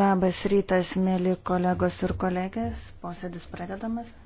Labas rytas, mėly kolegos ir kolegės. Posėdis pradedamas.